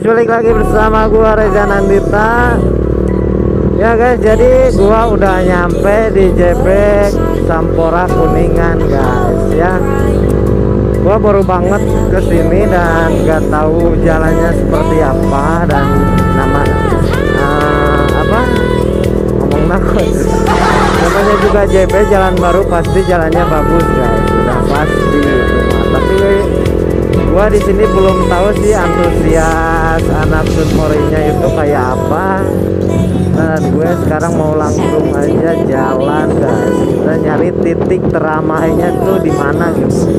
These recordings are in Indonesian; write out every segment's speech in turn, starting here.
guys balik lagi bersama gua Reza Nandita ya guys jadi gua udah nyampe di JP Sampora Kuningan guys ya gua baru banget kesini dan gak tahu jalannya seperti apa dan nama uh, apa ngomong nakut namanya juga JP jalan baru pasti jalannya bagus guys udah pasti tapi gua di sini belum tahu sih antusias anak sunmorinya itu kayak apa dan gue sekarang mau langsung aja jalan guys kita nyari titik teramainya tuh di mana gitu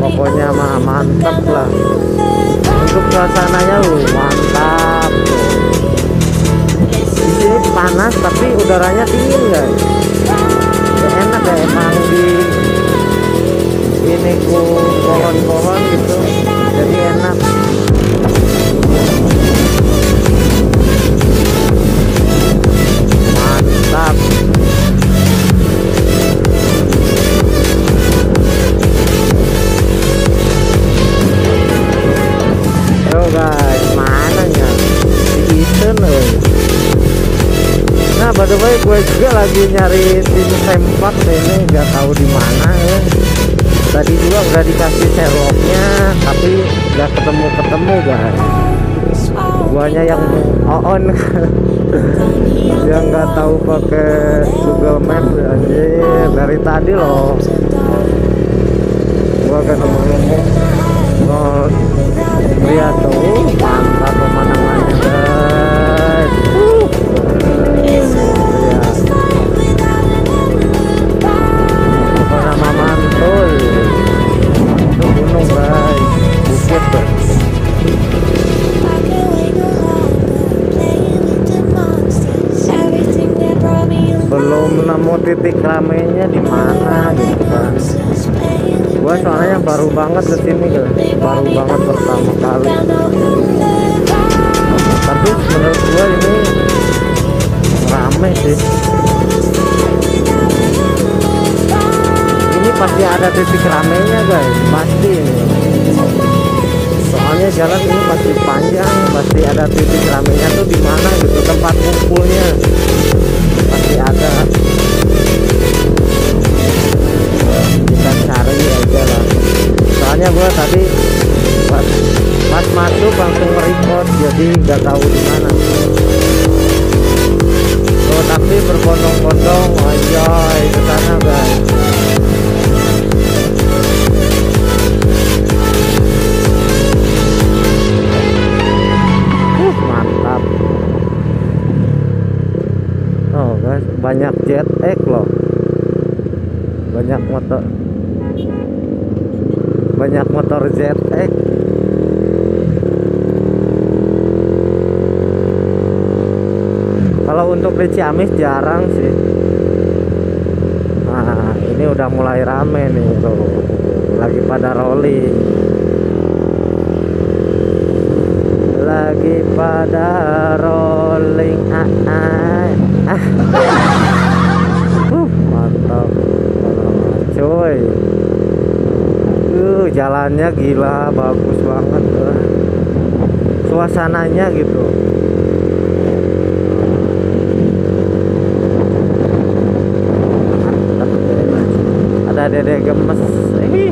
pokoknya mah mantap lah untuk suasananya lu uh, mantap di iya, sini panas tapi udaranya dingin guys nego pohon-pohon gitu jadi enak mantap yo guys mana ya itu loh nah by the way gue juga lagi nyari tim sempak ini nggak tahu di mana ya tadi juga udah dikasih seroknya tapi nggak ketemu ketemu guys buahnya yang on dia nggak tahu pakai Google Map aja dari tadi loh gua ketemu nemu lihat tuh mantap titik ramenya di mana gitu kan gue soalnya baru banget kesini guys, baru banget pertama kali tapi menurut gua ini rame sih ini pasti ada titik ramenya guys pasti ini soalnya jalan ini pasti panjang pasti ada titik ramenya tuh di mana gitu tempat kumpulnya pasti ada kita cari aja lah soalnya gua tadi pas, pas masuk langsung record jadi nggak tahu di mana oh tapi berbondong-bondong aja oh, iya, itu sana guys banyak jet ek loh banyak motor banyak motor jet ek kalau untuk di Ciamis jarang sih nah ini udah mulai rame nih tuh lagi pada rolling lagi pada rolling jalannya gila bagus banget eh. suasananya gitu ada dedek gemes eh.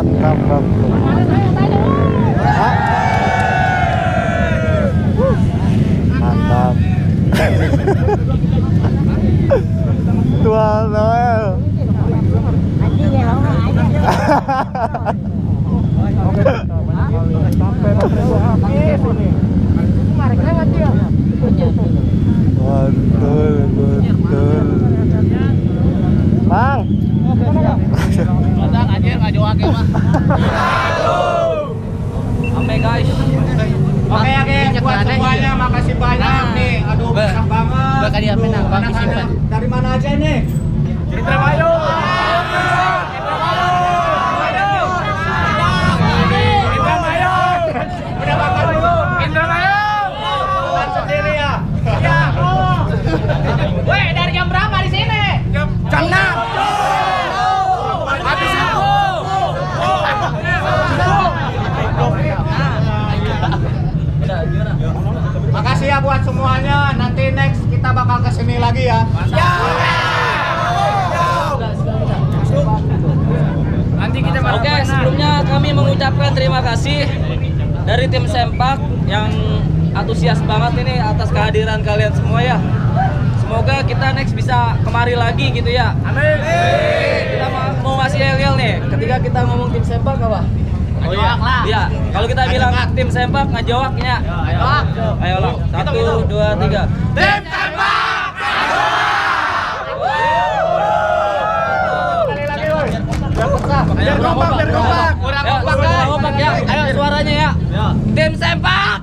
mantap mantap mantap tua Noel Waduh Anjir, nggak jauh akhir, mah. Oke guys. Oke oke, buat semuanya iya. makasih banyak nah. nih. Aduh, besar banget. Bakal diapain nang, Bang? Disimpan. Dari mana aja ini? Dari Trabayo. Nanti next kita bakal ke sini lagi ya. Ya. Nanti kita Oke, okay, sebelumnya kami mengucapkan terima kasih dari tim Sempak yang antusias banget ini atas kehadiran kalian semua ya. Semoga kita next bisa kemari lagi gitu ya. Amin. Kita mau ngasih yel nih. Ketika kita ngomong tim Sempak apa? oh, iya. Iya. Kalau kita bilang tim sempak ngejawabnya. Ayo, ayo. Ayo lah. Satu, gitu. dua, tiga. Tim sempak. Biar kompak, biar kompak. Kurang kompak, ya. Ayo suaranya ya. Tim sempak.